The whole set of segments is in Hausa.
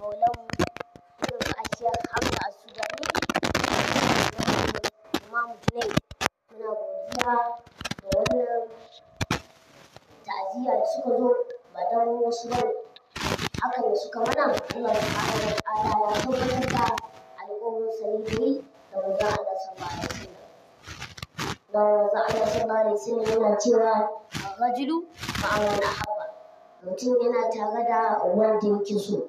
مولاه الشيخ حمزة السوداني إمام جنيد muna godiya da wannan ta'aziyya da suka zo ba don haka suka mana Allah subhanahu wa ta'ala ya tabbatar da Allah yana cewa rajulu ma'aman mutum yana tare da wanda yake so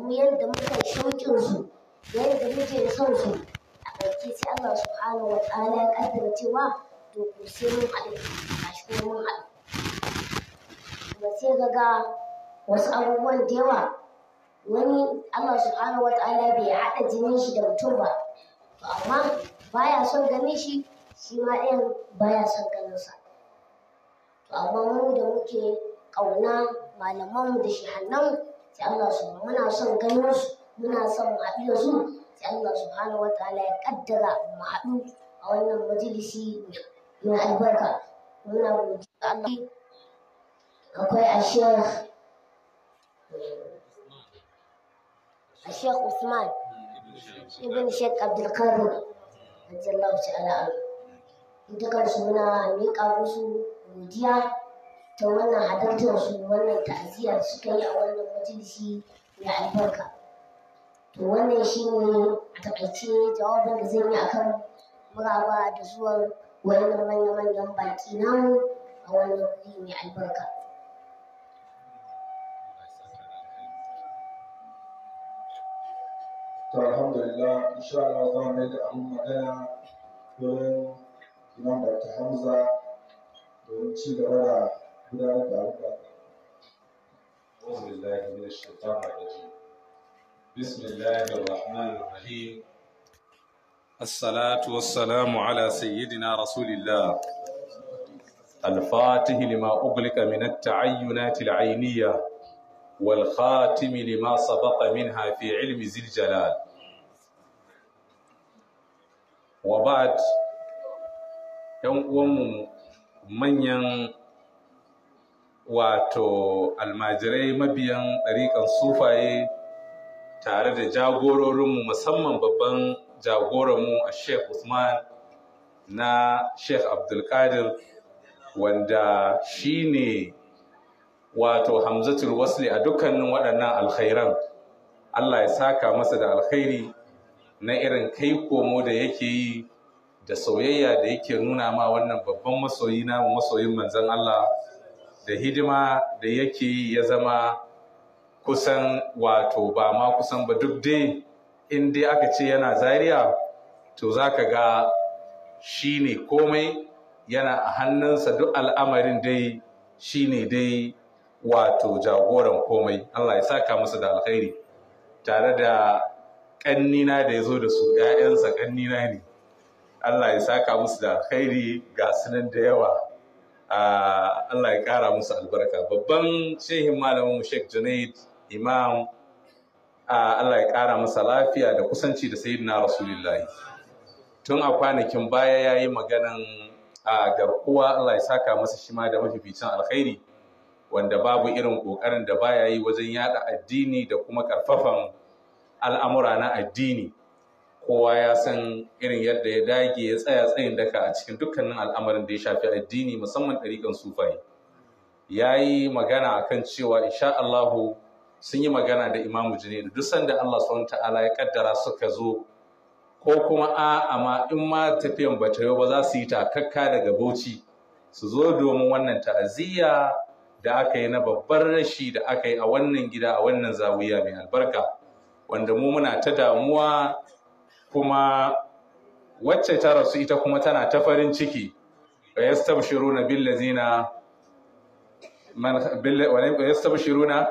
mu yadda muka shauƙin su da yadda muke son su a ƙarshe sai Allah subhanahu wa ta'ala ya kaddara cewa to ku sai mun haɗu gashi kuma mun haɗu kuma sai ga wasu abubuwan da yawa wani Allah subhanahu wa ta'ala bai haɗa jinin shi da mutum ba to amma baya son ganin shi shi ma ɗayan baya son ganinsa. sa to amma mu da muke ƙauna malamanmu da shi shehannanmu sai Allah su muna son ganin su muna son mu haɗu su sai Allah subhanahu wataala ya kaddara mu haɗu a wannan majalisi mai albarka muna godiya Allah akwai a Sheikh الشيخ عثمان ابن الشيخ عبد القادر رضي الله تعالى عنه. Dukansu muna miƙa musu godiya da wannan halartar su wannan ta'aziyar suka yi a wannan majalisi mai albarka to wannan shine a takaice jawabin da zan yi akan muraba da zuwan wannan manya-manyan baki namu a wannan wuri mai albarka alhamdulillah insha Allah za mu da abin magana don imam Dr. Hamza domin ci gaba da gudanar da harka أعوذ بالله من الشيطان الرجيم بسم الله الرحمن الرحيم الصلاة والسلام على سيدنا رسول الله الفاتح لما أغلق من التعينات العينية والخاتم لما سبق منها في علم ذي الجلال وبعد يوم من ين wato almajirai mabiyan ɗariƙan sufaye tare da jagororinmu musamman babban jagoranmu a sheikh usman na sheikh abdulkadir wanda shine wato hamzatul wasli a dukkanin waɗannan alkhairan allah ya saka masa da alkhairi na irin kai komo da yake yi da soyayya da yake nuna ma wannan babban masoyi na masoyin manzon allah da hidima da yake yi ya zama kusan wato ba ma kusan ba duk dai in dai aka ce yana zariya to za ka ga shi ne komai yana a hannunsa duk al'amarin dai shi ne dai wato jagoran komai Allah ya saka musu da alkhairi tare da ƙannina da ya zo da su ‘ya'yansa ƙannina ne Allah ya saka musu da alkhairi ga sunan da yawa Allah ya kara musu albarka babban shehin malamin mu Sheikh Junaid Imam Allah ya kara masa lafiya da kusanci da sayyidina Rasulullahi tun a kwanakin baya yayi maganan a garkuwa Allah ya saka masa shi ma da mafificin alkhairi wanda babu irin kokarin da baya yi wajen yada addini da kuma karfafan al'amura na addini kowa ya san irin yadda ya dage ya tsaya tsayin daka a cikin dukkanin al'amarin da ya shafi addini musamman ɗariƙan sufaye ya yi magana a kan cewa insha Allahu sun yi magana da imamu da duk sanda Allah subhanahu ta'ala ya kaddara suka zo ko kuma a amma in ma tafiyan ba ta ba za su yi takakka daga bauchi su zo domin wannan ta'aziyya da aka yi na babbar rashi da aka yi a wannan gida a wannan zawiya mai albarka wanda mu muna ta damuwa kuma wacce ta rasu ita kuma tana ta farin ciki wa yastabshiruna billazina man wa yastabshiruna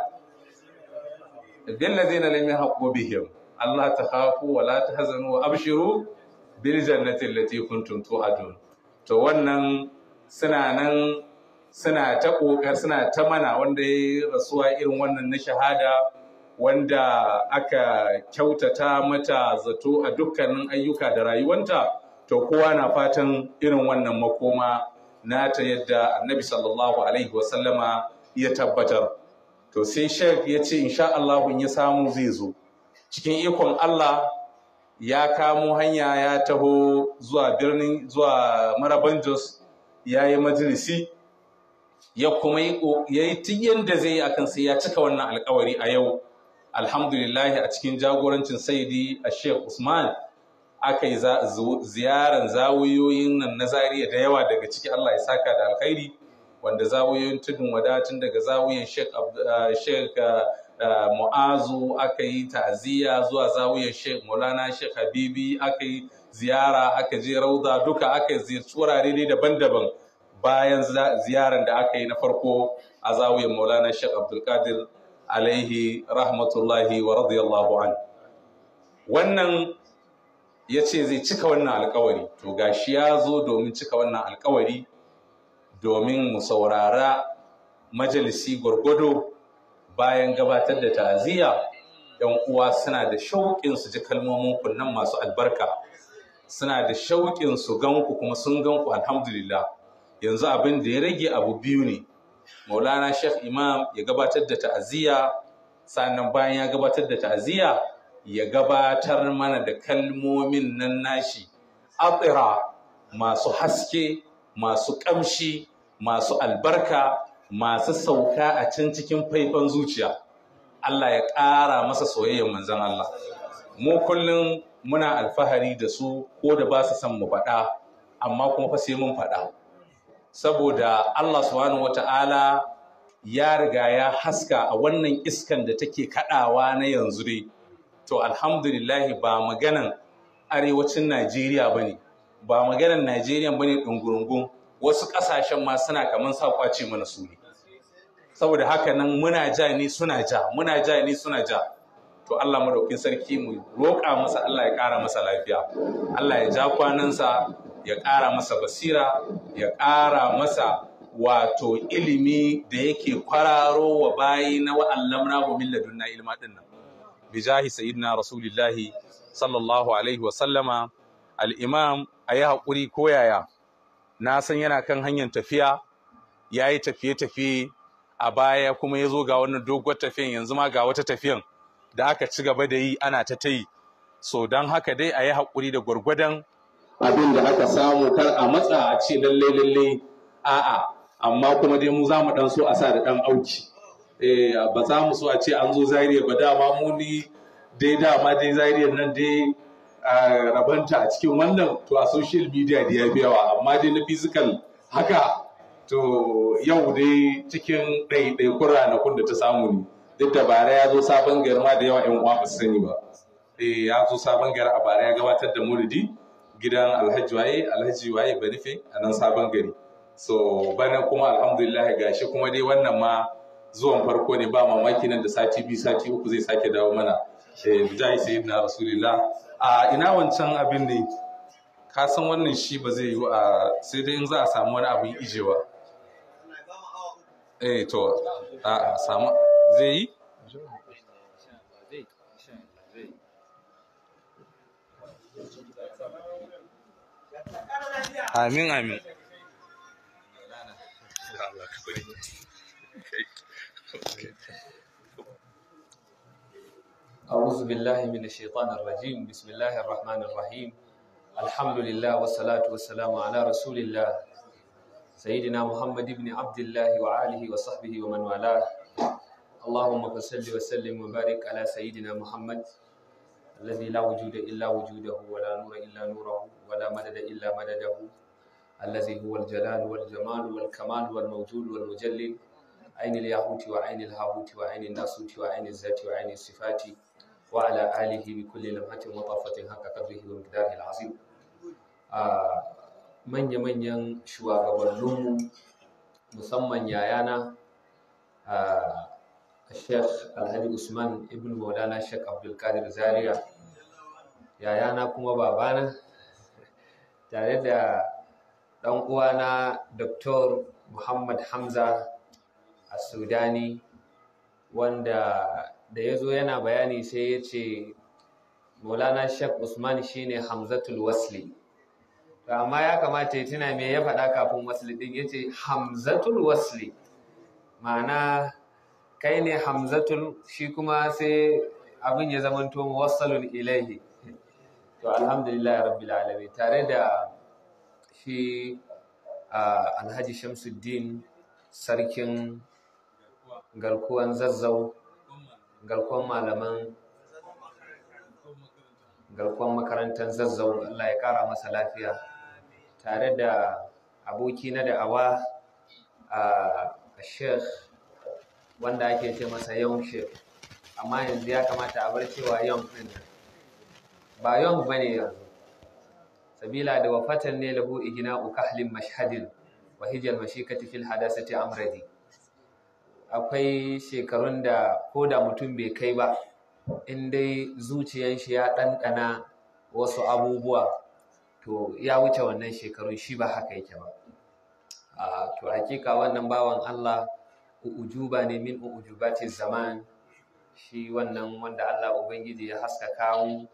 billazina lam yahqu bihim Allah ta khafu wa la tahzanu wa abshiru bil jannati allati kuntum tu'adun to wannan suna nan suna ta kokar suna ta mana wanda ya rasuwa irin wannan na shahada wanda aka kyautata mata zato a dukkanin ayyuka da rayuwanta to kowa na fatan irin wannan makoma na ta yadda annabi sallallahu alaihi wasallama ya tabbatar to sai shek ya ce insha Allah ya samu zai zo cikin ikon Allah ya kamo hanya ya taho zuwa birnin zuwa maraban jos ya yi majalisi ya kuma yi tun yadda zai yi akan sai ya cika wannan alkawari a yau alhamdulillahi a cikin jagorancin saidi a sheikh usman aka yi ziyaran zawiyoyin nan na zariya da yawa daga ciki allah ya saka da alkhairi wanda zawiyoyin tudun wadatun daga zawiyan sheikh mu'azu aka yi ta'aziyya zuwa zawiyan sheikh maulana sheikh habibi aka yi ziyara aka je rauza duka aka yi wurare ne daban-daban bayan ziyaran da aka yi na farko a zawiyan maulana sheikh abdulkadir alaihi rahmatullahi wa radiyallahu an wannan ya ce zai cika wannan alkawari to ga shi ya zo domin cika wannan alkawari domin mu saurara majalisi gwargwado bayan gabatar da ta'aziyya yan uwa suna da shauƙin su ji kalmomin kunnan masu albarka suna da shauƙin su ganku kuma sun ganku alhamdulillah yanzu abin da ya rage abu biyu ne maulana sheikh imam ya gabatar da ta'aziyya sannan bayan ya gabatar da ta'aziyya ya gabatar mana da kalmomin nan nashi atira masu haske masu ƙamshi masu albarka masu sauka a can cikin faifan zuciya Allah ya ƙara masa soyayyar manzon Allah mu kullum muna alfahari da su ko da ba su san mu faɗa amma kuma fa sai mun faɗa saboda Allah subhanahu wata'ala ya riga ya haska a wannan iskan da take kadawa na yanzu dai to alhamdulillahi ba maganan arewacin Najeriya bane ba maganan Najeriya bane dungurungun wasu kasashen ma suna kaman sa kwace mana su ne saboda haka nan muna ja ne suna ja muna ja ne suna ja to Allah madaukin sarki mu roƙa masa Allah ya ƙara masa lafiya Allah ya ja kwanansa ya ƙara masa basira ya ƙara masa wato ilimi da yake kwararo wa bayi na wa'allamna hu min ilma ɗin nan bi jahi na rasulillahi sallallahu alaihi wa sallama al-imam yi haƙuri ko yaya na san yana kan hanyar tafiya ya yi tafiye tafiye a baya kuma ya zo ga wannan doguwar tafiyan yanzu ma ga wata tafiyan da aka ci gaba da yi ana ta ta yi so don haka dai a yi haƙuri da gwargwadon abin da aka samu kar a matsa a ce lalle lalle a'a amma kuma dai mu za mu dan so a sa da dan auki eh ba za mu so a ce an zo zariya ba dama mu ni dai dama dai zariyar nan dai a rabanta a cikin wannan to a social media da ya fi yawa amma dai na physical haka to yau dai cikin ɗaiɗaikun ranakun da ta samu ne duk da bara ya zo sabon gari ma da yawa 'yan uwa ba su sani ba eh ya zo sabon gari a bara ya gabatar da muridi gidan alhaji waye alhaji waye banife a nan sabon gari so bana kuma alhamdulillah gashi kuma dai wannan ma zuwan farko ne ba mamaki nan da sati biyu sati uku zai sake dawo mana Eh, bijahi sayyidina rasulullah a ina wancan abin ne ka san wannan shi ba zai yi a sai dai in za a samu wani abin ijewa eh to a samu zai yi amin amin أعوذ بالله من الشيطان الرجيم بسم الله الرحمن الرحيم الحمد لله والصلاة والسلام على رسول الله سيدنا محمد بن عبد الله وآله وصحبه ومن والاه اللهم صل وسلم وبارك على سيدنا محمد الذي لا وجود إلا وجوده ولا نور إلا نوره ولا مدد إلا مدده الذي هو الجلال والجمال والكمال والموجود والمجلد عين الياهوت وعين الهابوت وعين الناسوت وعين الذات وعين الصفات وعلى آله بكل لمحة وطرفة حق قدره ومقداره العظيم manya manyan shugabanninmu musamman yayana Sheikh Alhaji Usman ibn Maulana Sheikh Abdul Qadir Zaria yayana kuma babana tare da ɗan uwana Dr. Muhammad Hamza a Sudani wanda da ya zo yana bayani sai ya ce Maulana Sheikh Usman shine Hamzatul Wasli. To amma ya kamata ya tuna me ya faɗa kafin wasli ɗin ya ce Hamzatul Wasli ma'ana kai ne Hamzatul shi kuma sai abin ya zamanto muwassalun ilaihi. to alhamdulillah rabbil alamin tare da shi alhaji shamsuddin sarkin garkuwan zazzau garkuwan malaman garkuwan makarantar zazzau Allah ya kara masa lafiya tare da aboki na awa a sheikh wanda ake ce masa yawon sheikh amma yanzu ya kamata a bar cewa yawon ɗin ba young bane yanzu sabila da wafatan ne lahu igna'u kahlin mashhadin wa hijal mashikati fil hadasati amradi akwai shekarun da ko da mutum bai kai ba in dai zuciyan shi ya ɗanɗana wasu abubuwa to ya wuce wannan shekarun shi ba haka yake ba to hakika wannan bawan Allah ujuba ne min ujubati zaman shi wannan wanda Allah ubangiji ya haskaka mu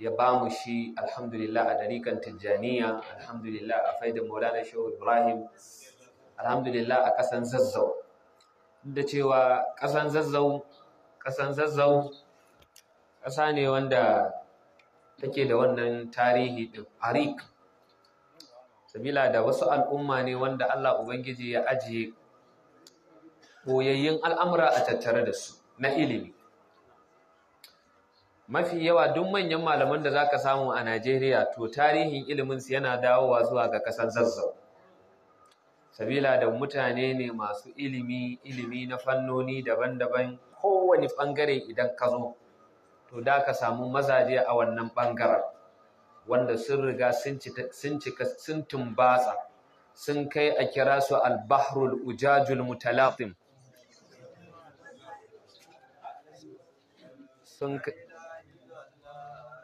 ya ba mu shi alhamdulillah a darikan tijjaniya alhamdulillah a faidar maulana shehu ibrahim alhamdulillah a ƙasan zazzau da cewa ƙasan zazzau ƙasan zazzau ƙasa ne wanda take da wannan tarihi ɗin arik sabila da wasu al'umma ne wanda allah ubangiji ya ajiye ɓoyayyun al'amura a tattare da su na ilimi mafi yawa duk manyan malaman da zaka samu a Najeriya to tarihin ilimin su yana dawowa zuwa ga kasar Zazzau sabila da mutane ne masu ilimi ilimi na fannoni daban-daban kowane bangare idan ka zo to da ka samu mazaje a wannan bangaren wanda sun riga sun cika sun tumbatsa sun kai a kira su albahrul ujajul mutalaqim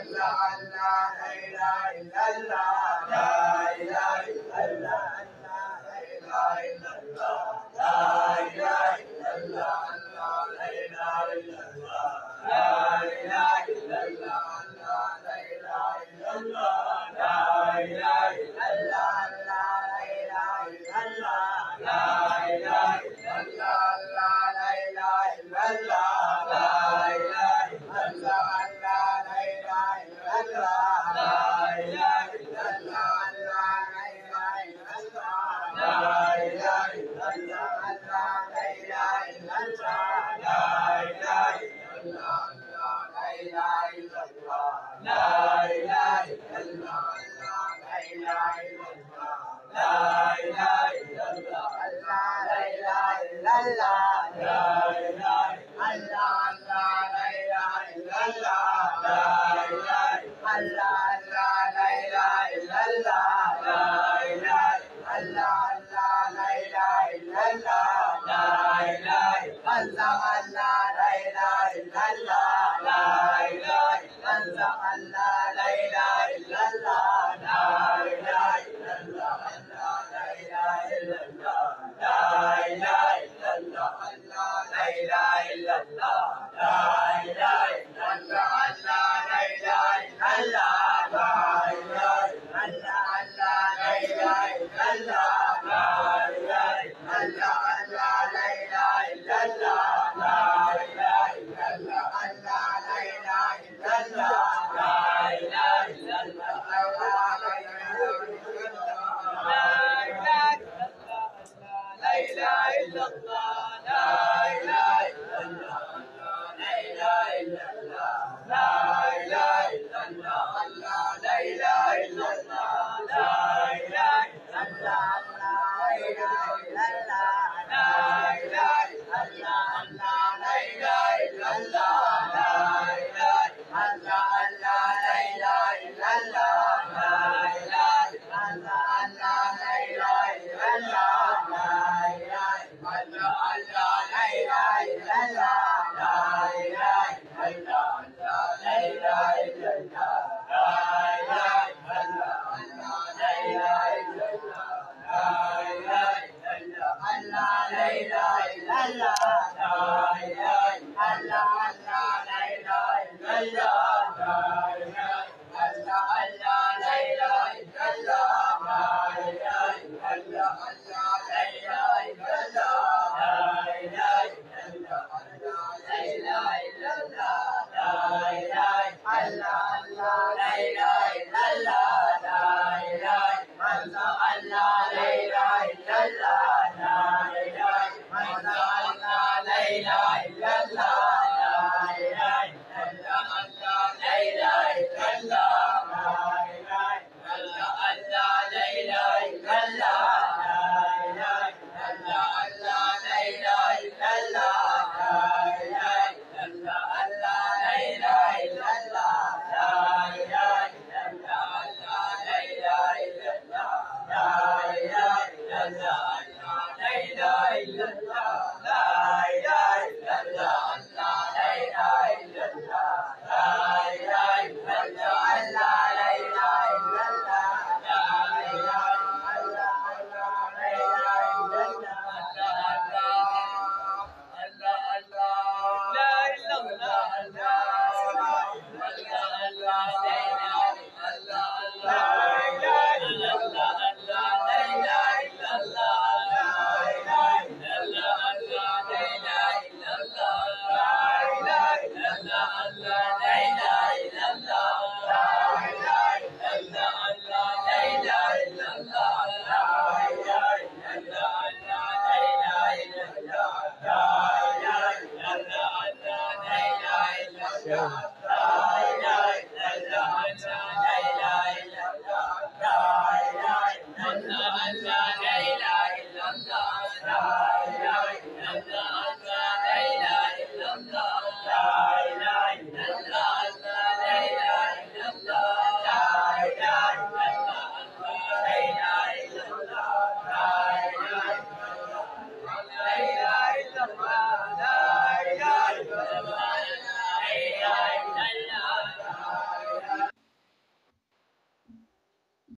Allah la,